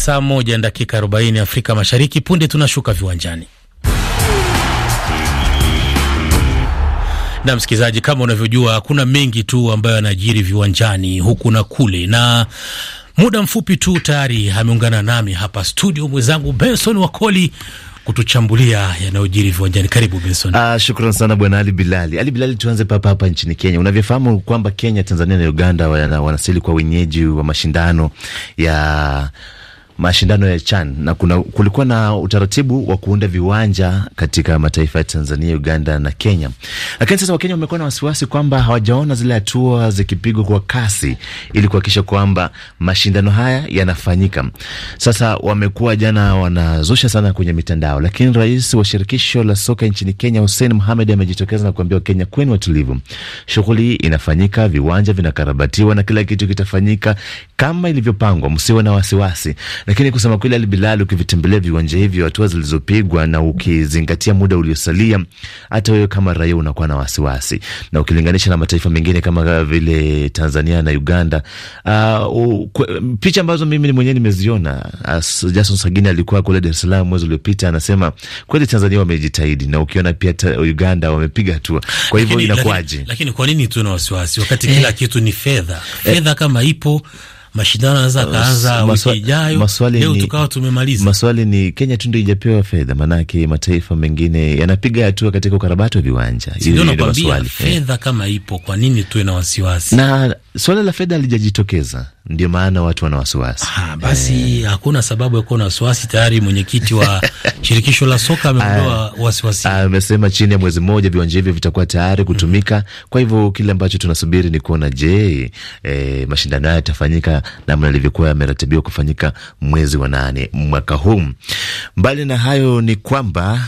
saa moja na dakika arobaini Afrika Mashariki. Punde tunashuka viwanjani na msikilizaji, kama unavyojua, kuna mengi tu ambayo yanajiri viwanjani huku na kule, na muda mfupi tu tayari ameungana nami hapa studio mwenzangu Benson Wakoli kutuchambulia yanayojiri viwanjani. Karibu Benson. Ah, shukran sana bwana Ali Bilali. Ali Bilali, tuanze papa hapa nchini Kenya. Unavyofahamu kwamba Kenya, Tanzania na Uganda wanasili kwa wenyeji wa mashindano ya mashindano ya CHAN na kuna, kulikuwa na utaratibu wa kuunda viwanja katika mataifa ya Tanzania, Uganda na Kenya, lakini sasa Wakenya wamekuwa na wasiwasi kwamba hawajaona zile hatua zikipigwa kwa kasi ili kuhakikisha kwamba mashindano haya yanafanyika. Sasa wamekuwa jana wanazusha sana kwenye mitandao, lakini rais wa shirikisho la soka nchini Kenya Hussein Mohamed amejitokeza na kuambia Wakenya kweni watulivu, shughuli inafanyika, viwanja vinakarabatiwa na kila kitu kitafanyika kama ilivyopangwa, msiwe na wasiwasi. Lakini kusema kweli, Ali Bilal, ukivitembelea viwanja hivyo, hatua zilizopigwa na ukizingatia muda uliosalia, hata wewe kama raia unakuwa na wasiwasi, na ukilinganisha na mataifa mengine kama vile Tanzania na Uganda. Uh, picha ambazo mimi mwenyewe nimeziona, uh, Jason Sagini alikuwa kule Dar es Salaam mwezi uliopita, anasema kweli Tanzania wamejitahidi, na ukiona pia Uganda wamepiga hatua. Kwa hivyo inakuwaje? Lakini kwa nini tuna wasiwasi wakati eh, kila kitu ni fedha eh. fedha, eh, kama ipo mashindano anaweza uh, kaanza wiki ijayo. Leo tukawa tumemaliza. Maswali ni Kenya tu ndio ijapewa fedha, maanake mataifa mengine yanapiga hatua katika ukarabati wa viwanja. Ndio nakwambia eh. fedha kama ipo, kwa nini tuwe na wasiwasi? Na swala la fedha lijajitokeza ndio maana watu wana wasiwasi. Ah, basi eh. hakuna sababu ya kuwa na wasiwasi. Tayari mwenyekiti wa shirikisho la soka ameondoa ah, wasiwasi, ah, amesema chini ya mwezi mmoja viwanja hivyo vitakuwa tayari kutumika. mm -hmm. Kwa hivyo kile ambacho tunasubiri ni kuona je, eh, mashindano haya yatafanyika namna ilivyokuwa yameratibiwa kufanyika mwezi wa nane mwaka huu. Mbali na hayo ni kwamba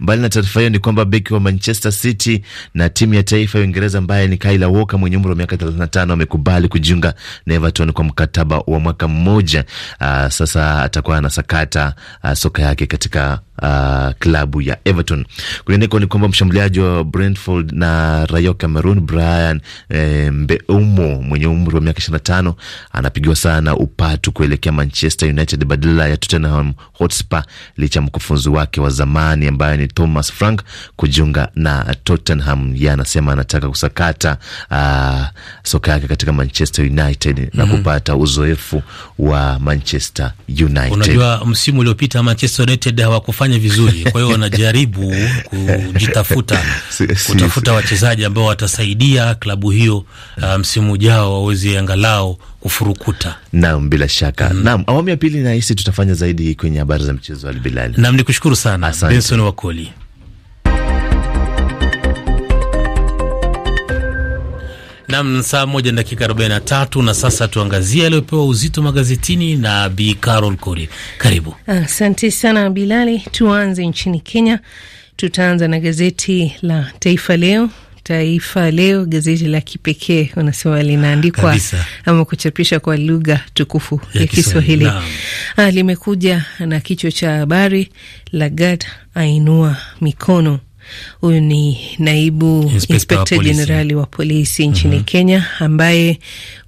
Mbali na taarifa hiyo ni kwamba beki wa Manchester City na timu ya taifa ya Uingereza ambaye ni Kyle Walker mwenye umri wa miaka 35 amekubali kujiunga na Everton kwa mkataba wa mwaka mmoja. Aa, ah, sasa atakuwa anasakata ah, soka yake katika uh, klabu ya Everton. Kwingineko ni kwamba mshambuliaji wa Brentford na raia wa Cameroon Brian eh, Mbeumo mwenye umri wa miaka 25 anapigiwa sana upatu kuelekea Manchester United badala ya Tottenham Hotspur licha ya mkufunzi wake wa zamani ambaye ni Thomas Frank kujiunga na Tottenham. Yeye anasema anataka kusakata uh, soka yake katika Manchester United mm -hmm. na mhm. kupata uzoefu wa Manchester United. Unajua msimu uliopita Manchester United hawakufanya wanafanya vizuri, kwa hiyo wanajaribu kujitafuta kutafuta wachezaji ambao watasaidia klabu hiyo uh, msimu um, ujao waweze angalau kufurukuta. Naam, bila shaka mm. Naam, awamu ya pili nahisi tutafanya zaidi kwenye habari za mchezo. Albilali, naam, ni kushukuru sana Benson Wakoli. Nam, saa moja na dakika arobaini na tatu na sasa tuangazie aliyopewa uzito magazetini na Bi Carol Kori, karibu. Asante sana Bilali. Tuanze nchini Kenya, tutaanza na gazeti la Taifa Leo. Taifa Leo, gazeti la kipekee wanasema linaandikwa ama kuchapisha kwa lugha tukufu ya, ya Kiswahili. Ah, limekuja na kichwa cha habari Lagat ainua mikono Huyu ni naibu inspekta jenerali wa polisi nchini mm -hmm. Kenya ambaye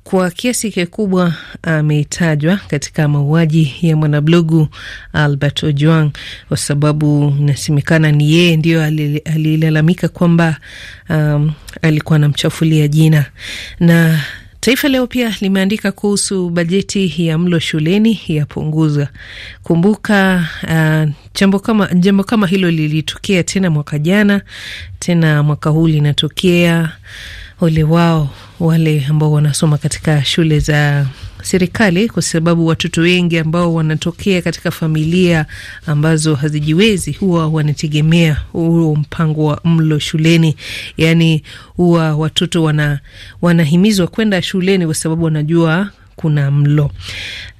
kwa kiasi kikubwa ametajwa katika mauaji ya mwanablogu Albert Ojwang kwa sababu inasemekana ni yeye ndiyo alilalamika kwamba um, alikuwa anamchafulia jina na Taifa Leo pia limeandika kuhusu bajeti ya mlo shuleni yapunguzwa. Kumbuka uh, jambo kama, kama hilo lilitokea tena mwaka jana, tena mwaka huu linatokea. Ole wao wale ambao wanasoma katika shule za serikali kwa sababu watoto wengi ambao wanatokea katika familia ambazo hazijiwezi huwa wanategemea huo mpango wa mlo shuleni. Yaani huwa watoto wana, wanahimizwa kwenda shuleni kwa sababu wanajua kuna mlo.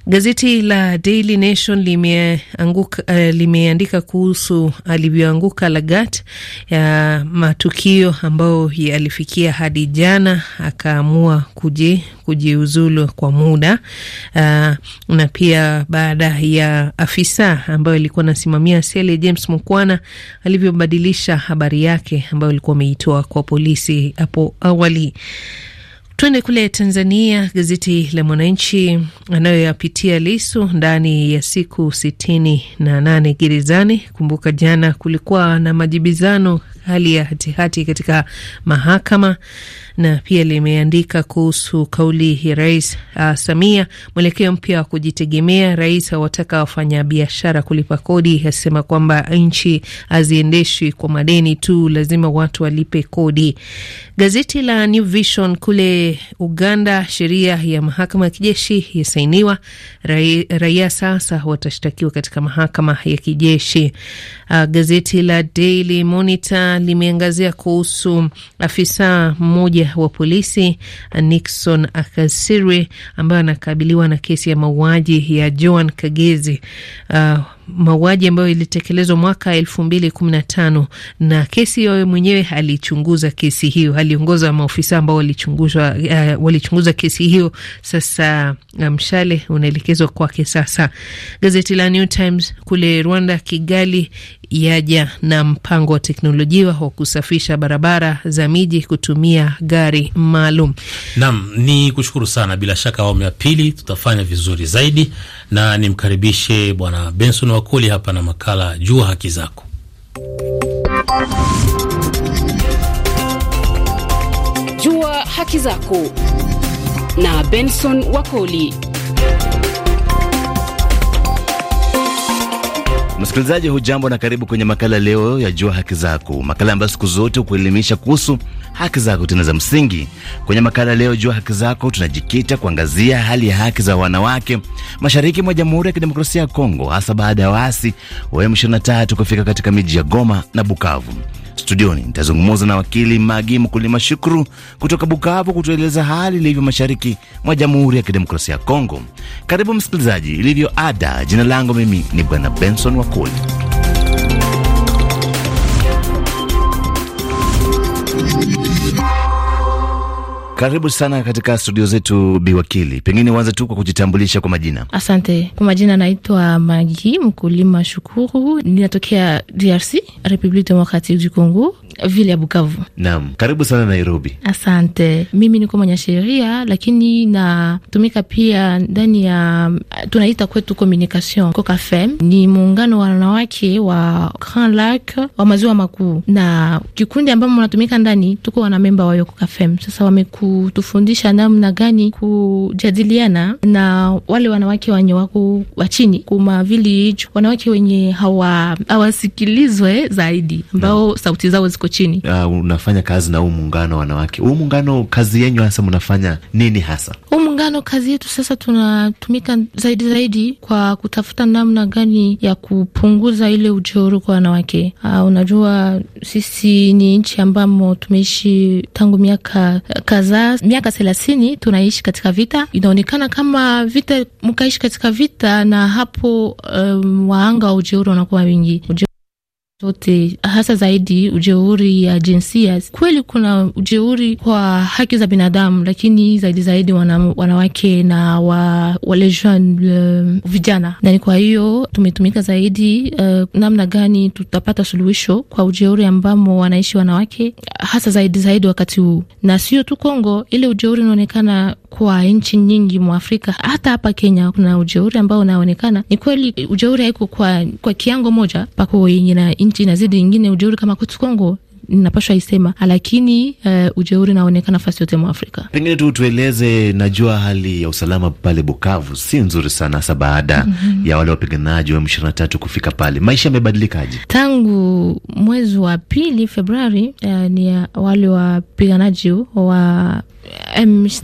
Gazeti la Daily Nation limeanguka, uh, limeandika kuhusu alivyoanguka Lagat ya matukio ambayo yalifikia hadi jana akaamua kuji kujiuzulu kwa muda uh, na pia baada ya afisa ambayo alikuwa anasimamia sele James Mukwana alivyobadilisha habari yake ambayo alikuwa ameitoa kwa polisi hapo awali. Tuende kule Tanzania. Gazeti la Mwananchi anayoyapitia Lisu ndani ya siku sitini na nane gerezani. Kumbuka jana kulikuwa na majibizano hali ya hatihati katika mahakama na pia limeandika kuhusu kauli ya Rais uh, Samia, mwelekeo mpya wa kujitegemea. Rais awataka wafanyabiashara kulipa kodi, asema kwamba nchi haziendeshwi kwa madeni tu, lazima watu walipe kodi. Gazeti la New Vision kule Uganda, sheria ya mahakama ya kijeshi yasainiwa, raia sasa watashtakiwa katika mahakama ya kijeshi. Uh, gazeti la Daily Monitor limeangazia kuhusu afisa mmoja wa polisi Nixon Akasiri ambaye anakabiliwa na kesi ya mauaji ya Joan Kagezi uh, mauaji ambayo ilitekelezwa mwaka elfu mbili kumi na tano na kesi yeye mwenyewe alichunguza kesi hiyo, aliongoza maofisa ambao walichunguza uh, eh, walichunguza kesi hiyo. Sasa eh, mshale um, unaelekezwa kwake. Sasa gazeti la New Times kule Rwanda, Kigali yaja na mpango wa teknolojia wa kusafisha barabara za miji kutumia gari maalum. Naam, ni kushukuru sana. Bila shaka awamu ya pili tutafanya vizuri zaidi na nimkaribishe Bwana Benson Wakoli hapa na makala Jua Haki Zako. Jua Haki Zako na Benson Wakoli. Msikilizaji hujambo na karibu kwenye makala leo ya Jua Haki Zako, makala ambayo siku zote hukuelimisha kuhusu haki zako tena za msingi. Kwenye makala leo Jua Haki Zako tunajikita kuangazia hali ya haki za wanawake mashariki mwa Jamhuri ya Kidemokrasia ya Kongo, hasa baada ya waasi wa M23 kufika katika miji ya Goma na Bukavu. Studioni nitazungumza na wakili Magi Mkulima Shukuru kutoka Bukavu kutueleza hali ilivyo mashariki mwa Jamhuri ya Kidemokrasia ya Kongo. Karibu msikilizaji, ilivyo ada. Jina langu mimi ni Bwana Benson wa 滚！Karibu sana katika studio zetu biwakili pengine uanze tu kwa kujitambulisha kwa majina. Asante. Kwa majina naitwa Magi Mkulima Shukuru, ninatokea DRC, Republic Democratic du Congo, vile ya Bukavu. Naam, karibu sana Nairobi. Asante. Mimi niko mwanasheria, lakini natumika pia ndani ya tunaita kwetu communication COCAFEM, ni muungano wa wanawake wa Grand Lac wa maziwa makuu, na kikundi ambamo natumika ndani tuko wanamemba memba wayo COCAFEM. Sasa wameku kutufundisha namna gani kujadiliana na wale wanawake wenye wako wa chini, kuma village, wanawake wenye hawa hawasikilizwe zaidi, ambao no. sauti zao ziko chini. Uh, unafanya kazi na huu muungano wa wanawake, huu muungano, kazi yenyu hasa mnafanya nini hasa huu muungano? Kazi yetu sasa tunatumika zaidi zaidi kwa kutafuta namna gani ya kupunguza ile ujeuri kwa wanawake. Uh, unajua sisi ni nchi ambamo tumeishi tangu miaka kadhaa kadhaa, miaka thelathini tunaishi katika vita. Inaonekana kama vita mkaishi katika vita, na hapo um, waanga wa ujeuri wanakuwa wingi zote hasa zaidi ujeuri ya jinsia. Kweli kuna ujeuri kwa haki za binadamu, lakini zaidi zaidi wana, wanawake na wa, wale jeune euh, vijana, na ni kwa hiyo tumetumika zaidi uh, namna gani tutapata suluhisho kwa ujeuri ambamo wanaishi wanawake hasa zaidi zaidi wakati huu, na sio tu Kongo, ile ujeuri unaonekana kwa nchi nyingi mwa Afrika, hata hapa Kenya kuna ujeuri ambao unaonekana. Ni kweli ujeuri haiko kwa, kwa kiango moja pako yenye na nchi inazidi ingine Ujeuri kama kutu Kongo ninapashwa isema, lakini uh, ujeuri naonekana nafasi yote mwa Afrika. Pengine tu tueleze, najua hali ya usalama pale Bukavu si nzuri sana, hasa baada mm -hmm. ya wale wapiganaji wa M23 kufika pale. Maisha yamebadilikaje tangu mwezi wa pili Februari? Uh, ni wale wapiganaji wa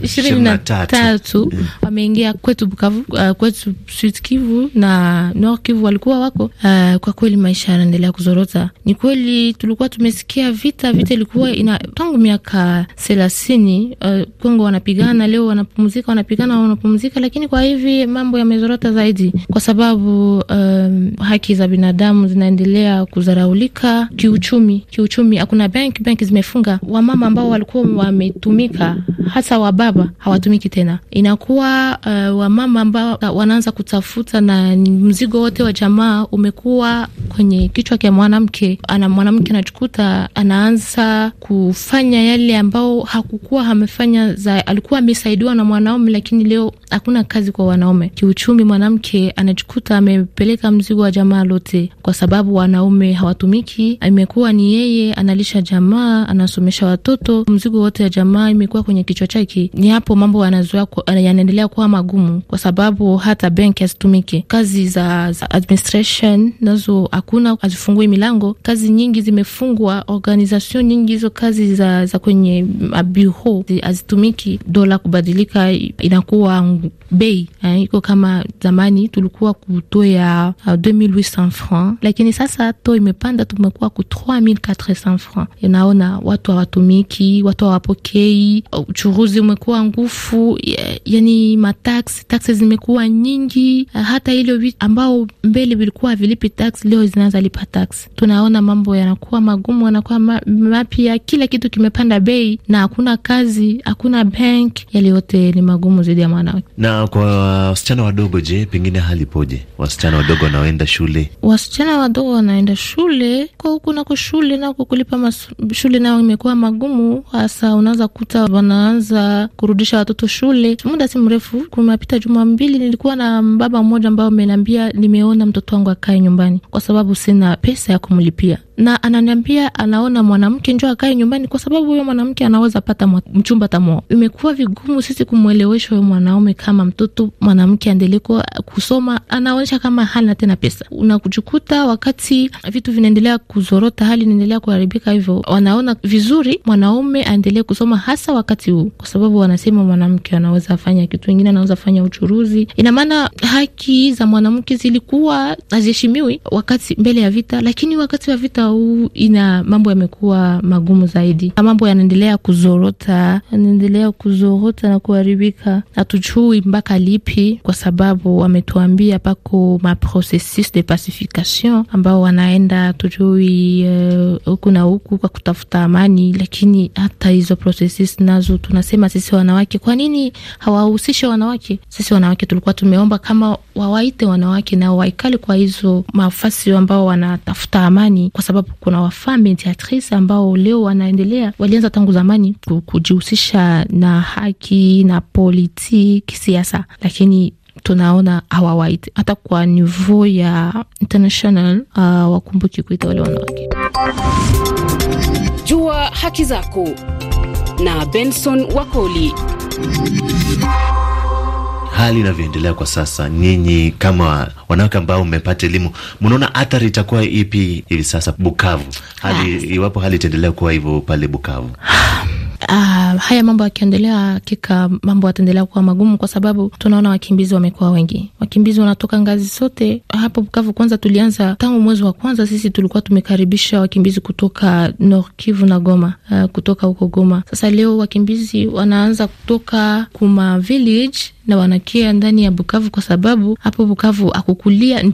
ishirini na tatu mm. wameingia kwetu Bukavu, uh, kwetu Sud Kivu na Nord Kivu walikuwa wako uh. Kwa kweli maisha yanaendelea kuzorota. Ni kweli tulikuwa tumesikia vita, vita ilikuwa ina tangu miaka thelathini uh, Kongo wanapigana, leo wanapumzika, wanapigana, wanapumzika, lakini kwa hivi mambo yamezorota zaidi kwa sababu um, haki za binadamu zinaendelea kuzaraulika. Kiuchumi, kiuchumi hakuna benki, benki zimefunga. Wamama ambao walikuwa wametumika hasa baba hawatumiki tena, inakuwa uh, wamama ambao wanaanza kutafuta, na mzigo wote wa jamaa umekuwa kwenye kichwa cha mwanamke. Ana mwanamke anachukuta anaanza kufanya yale ambao hakukuwa amefanya, za alikuwa amesaidiwa na mwanaume, lakini leo hakuna kazi kwa wanaume. Kiuchumi, mwanamke anachukuta amepeleka mzigo wa jamaa lote, kwa sababu wanaume hawatumiki. Imekuwa ni yeye analisha jamaa, anasomesha watoto, mzigo wote wa jamaa imekuwa kwenye kichwa chake, ni hapo mambo yanazoea eh, yanaendelea kuwa magumu, kwa sababu hata benki hazitumike, kazi za, za administration nazo hakuna, hazifungui milango, kazi nyingi zimefungwa, organization nyingi hizo kazi za, za kwenye mabiho hazitumiki, dola kubadilika inakuwa bei eh, iko kama zamani tulikuwa kutoa ya 2800 francs, lakini sasa to imepanda tumekuwa ku 3400 francs. inaona watu hawatumiki, watu hawapokei, uchuruzi umekuwa ngufu, yani mataksi taksi zimekuwa nyingi, eh, hata ile ambao mbele vilikuwa vilipi taksi leo zinaanza lipa taksi. Tunaona mambo yanakuwa magumu, yanakuwa mapya, kila kitu kimepanda bei na hakuna kazi, hakuna bank, yale yote ni magumu zaidi ya mwanawake. Na kwa wasichana wadogo, je, pengine hali poje? Wasichana wadogo wanaenda shule, wasichana wadogo wanaenda shule kwa huku nako shule nako kulipa shule nao imekuwa magumu, hasa unaweza kuta wana tunaanza kurudisha watoto shule. Muda si mrefu, kumepita juma mbili, nilikuwa na baba mmoja ambayo ameniambia nimeona mtoto wangu akae nyumbani kwa sababu sina pesa ya kumlipia na ananiambia anaona mwanamke njo akae nyumbani kwa sababu huyo mwanamke anaweza pata mchumba tamo. Imekuwa vigumu sisi kumwelewesha huyo mwanaume kama mtoto mwanamke aendelee kusoma, anaonyesha kama hana tena pesa. Unakujukuta wakati vitu vinaendelea kuzorota, hali inaendelea kuharibika, hivyo wanaona vizuri mwanaume aendelee kusoma, hasa wakati huu, kwa sababu wanasema mwanamke anaweza fanya kitu ingine, anaweza fanya uchuruzi. Ina maana haki za mwanamke zilikuwa haziheshimiwi wakati mbele ya vita, lakini wakati wa vita huu ina mambo yamekuwa magumu zaidi, mambo yanaendelea kuzorota, yanaendelea kuzorota na kuharibika, hatujui mpaka lipi, kwa sababu wametuambia pako maprocessus de pacification ambao wanaenda tujui eh, huku uh, na huku kwa kutafuta amani, lakini hata hizo processes nazo tunasema sisi wanawake, kwa nini hawahusishi wanawake? Sisi wanawake tulikuwa tumeomba kama wawaite wanawake na waikali kwa hizo mafasi ambao wanatafuta amani kwa sababu sababu kuna wafaa mediatrice ambao leo wanaendelea, walianza tangu zamani kujihusisha na haki na politiki, siasa, lakini tunaona hawawait hata kwa nivo ya international uh, wakumbuki kuita wale wanawake. Jua haki zako na Benson Wakoli hali inavyoendelea kwa sasa, nyinyi kama wanawake ambao mmepata elimu, mnaona athari itakuwa ipi hivi sasa Bukavu hali, ah, iwapo hali itaendelea kuwa hivyo pale Bukavu? Uh, haya mambo yakiendelea, hakika mambo yataendelea kuwa magumu, kwa sababu tunaona wakimbizi wamekuwa wengi. Wakimbizi wanatoka ngazi zote hapo Bukavu. Kwanza tulianza tangu mwezi wa kwanza, sisi tulikuwa tumekaribisha wakimbizi kutoka norkivu Kivu na Goma, uh, kutoka huko Goma. Sasa leo wakimbizi wanaanza kutoka Kuma village na wanakia ndani ya Bukavu kwa sababu hapo Bukavu akukulia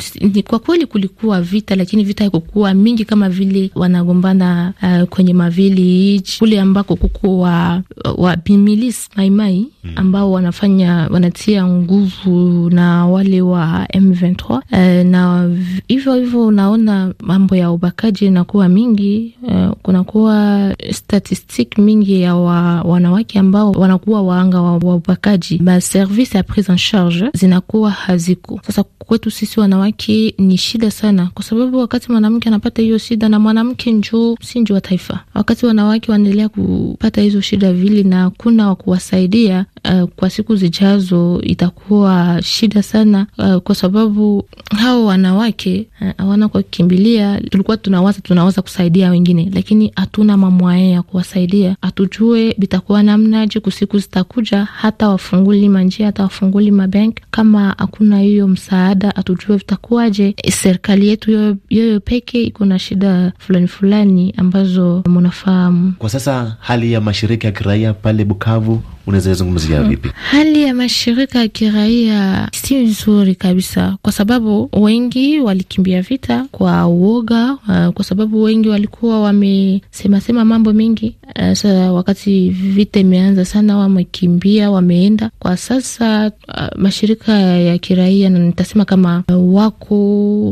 kwa kweli, kulikuwa vita, lakini vita haikukuwa mingi kama vile wanagombana uh, kwenye mavili kule ambako kuko wa, wa Bimilis Maimai mm. ambao wanafanya wanatia nguvu na wale wa M23 e, na hivyo hivyo unaona mambo ya ubakaji inakuwa mingi e, kunakuwa statistik mingi ya wa, wanawake ambao wanakuwa waanga wa, wa ubakaji. Maservice ya prise en charge zinakuwa haziko. Sasa kwetu sisi wanawake ni shida sana, kwa sababu wakati mwanamke anapata hiyo shida na mwanamke njo si njoo wa taifa, wakati wanawake wanaendelea kupata hizo shida vili na hakuna wa kuwasaidia uh, kwa siku zijazo itakuwa shida sana uh, kwa sababu hao wanawake eh, hawana uh, kwa kukimbilia. Tulikuwa tunawaza tunawaza kusaidia wengine, lakini hatuna mamwae ya kuwasaidia. Hatujue bitakuwa namnaje kusiku zitakuja, hata wafunguli manjia, hata wafunguli mabank, kama hakuna hiyo msaada, hatujue vitakuwaje. Serikali yetu yoyo peke iko na shida fulani fulani ambazo mnafahamu kwa sasa hali ya mashirika ya kiraia pale Bukavu unaweza zungumzia hmm. vipi? Hali ya mashirika ya kiraia si nzuri kabisa, kwa sababu wengi walikimbia vita kwa uoga, uh, kwa sababu wengi walikuwa wamesemasema mambo mengi. Sasa uh, wakati vita imeanza sana, wamekimbia wameenda. Kwa sasa uh, mashirika ya kiraia nitasema kama wako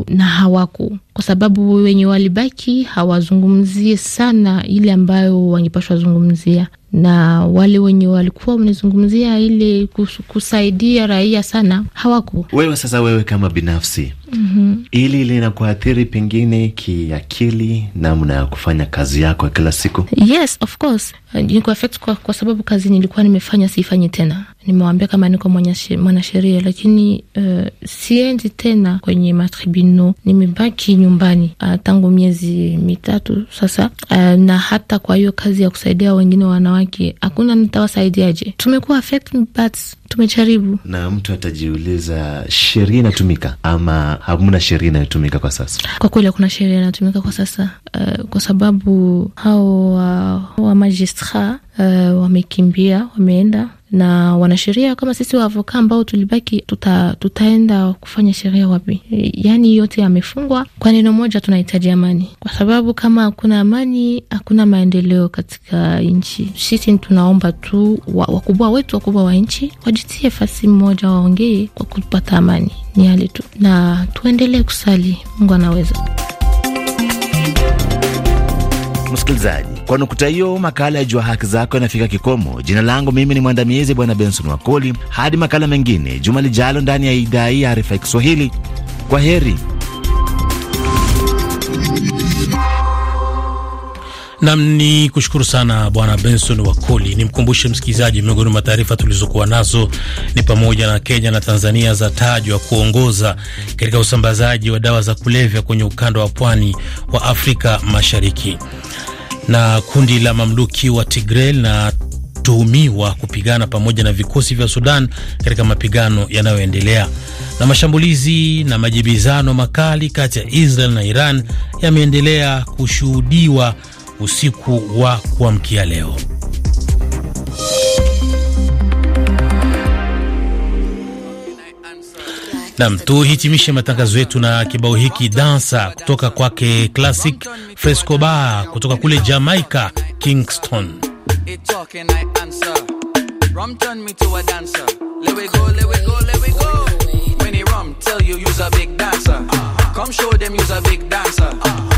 na hawako kwa sababu wenye walibaki hawazungumzie sana ile ambayo wangepashwa zungumzia, na wale wenye walikuwa wanazungumzia ile kus, kusaidia raia sana hawako. Wewe sasa, wewe kama binafsi mm-hmm. ili linakuathiri pengine kiakili, namna ya kufanya kazi yako ya kila siku? Yes, of course uh, kwa, kwa sababu kazi nilikuwa nimefanya siifanyi tena. nimewambia kama niko mwanasheria, lakini uh, siendi tena kwenye matribuno, nimebaki nyumbani uh, tangu miezi mitatu sasa uh, na hata kwa hiyo kazi ya kusaidia wengine wanawake hakuna, nitawasaidiaje? Tumekuwa affect but tumejaribu. Na mtu atajiuliza sheria inatumika ama hamna sheria inayotumika kwa sasa? Kwa kweli hakuna sheria inayotumika kwa sasa, uh, kwa sababu hao uh, wa uh, wamekimbia wameenda na wanasheria kama sisi waavoka ambao tulibaki, tuta, tutaenda kufanya sheria wapi? Yaani yote yamefungwa kwa neno moja, tunahitaji amani, kwa sababu kama hakuna amani hakuna maendeleo katika nchi. Sisi tunaomba tu wakubwa wetu, wakubwa wa nchi wajitie fasi mmoja, waongee kwa kupata amani, ni hali tu, na tuendelee kusali. Mungu anaweza. Msikilizaji kwa nukta hiyo, makala ya Jua Haki Zako yanafika kikomo. Jina langu mimi ni mwandamizi Bwana Benson Wakoli. Hadi makala mengine juma lijalo ndani ya idhaa hii ya Arifa ya Kiswahili. Kwa heri. Nam ni kushukuru sana Bwana Benson Wakoli. Nimkumbushe msikilizaji, miongoni mwa taarifa tulizokuwa nazo ni pamoja na Kenya na Tanzania zatajwa kuongoza katika usambazaji wa dawa za kulevya kwenye ukanda wa pwani wa Afrika Mashariki. Na kundi la mamluki wa Tigray linatuhumiwa kupigana pamoja na vikosi vya Sudan katika mapigano yanayoendelea. Na mashambulizi na majibizano makali kati ya Israel na Iran yameendelea kushuhudiwa usiku wa kuamkia leo. Nam, tuhitimishe matangazo yetu na kibao hiki dansa kutoka kwake Classic Fresco Bar kutoka kule Jamaica, Kingston. Come show them you's a big dancer.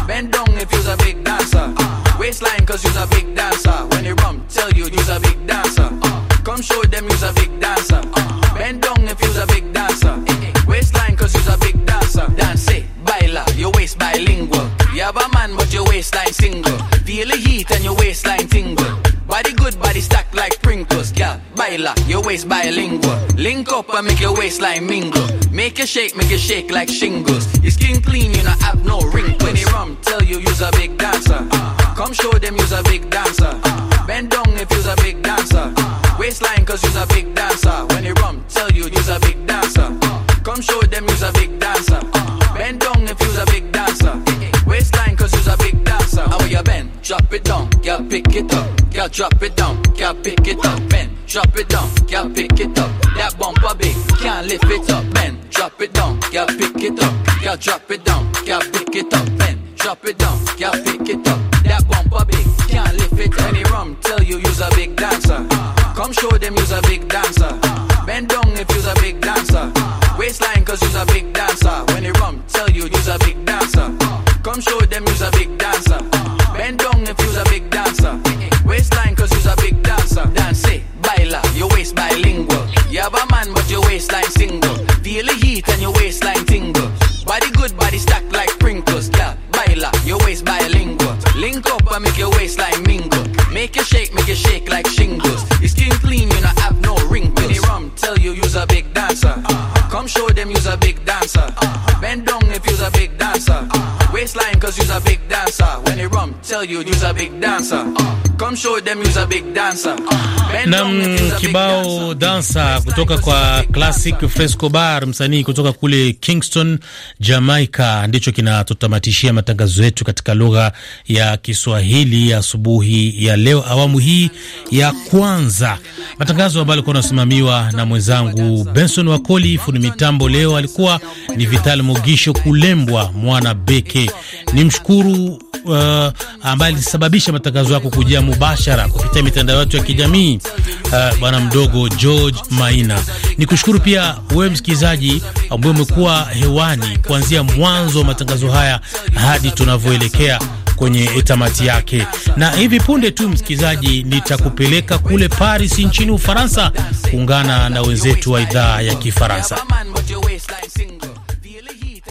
Bend down if you's a big waist bilingual. Link up and make your waistline mingle. Make you shake, make you shake like shingles. Your skin clean, you not have no wrinkles. When they rum, tell you you's a big dancer. Uh-huh. Come show them you's a big dancer. Uh-huh. Bend down if you's a big dancer. Uh-huh. Waistline cause you's a big dancer. When they rum, tell you you's a big dancer. Come show them you's a big dancer. Bend down if you's a big dancer. Waistline cause you's a big dancer. How you bend? Drop it down, girl pick it up. Girl drop it down, girl pick it up. Bend drop it down, girl, pick it up. That bumper big, can't lift it up, man. Drop it down, girl, pick it up. Girl, drop it down, girl, pick it up, man. Drop it down, girl, pick it up. That bumper big, can't lift it any rum. Tell you, you's a big dancer. Come show them you's a big dancer. Bend down if you's a big dancer. Waistline, cause you's a big dancer. When they rum, tell you, you's a big dancer. Come show them. you, you's a big dancer. Come show them you's a big dancer. Nam kibao dansa kutoka kwa Classic Fresco Bar, msanii kutoka kule Kingston, Jamaica, ndicho kinatutamatishia matangazo yetu katika lugha ya Kiswahili asubuhi ya, ya leo, awamu hii ya kwanza. Matangazo ambayo alikuwa anasimamiwa na mwenzangu Benson Wakoli, fundi mitambo leo alikuwa ni Vital Mugisho Kulembwa mwana Beke. Nimshukuru uh, ambaye alisababisha matangazo yako kujia mubashara kupitia mitandao yetu ya kijamii uh, bwana mdogo George Maina. Ni kushukuru pia wewe msikilizaji ambaye umekuwa hewani kuanzia mwanzo wa matangazo haya hadi tunavyoelekea kwenye tamati yake. Na hivi punde tu, msikilizaji, nitakupeleka kule Paris nchini Ufaransa kuungana na wenzetu wa idhaa ya Kifaransa.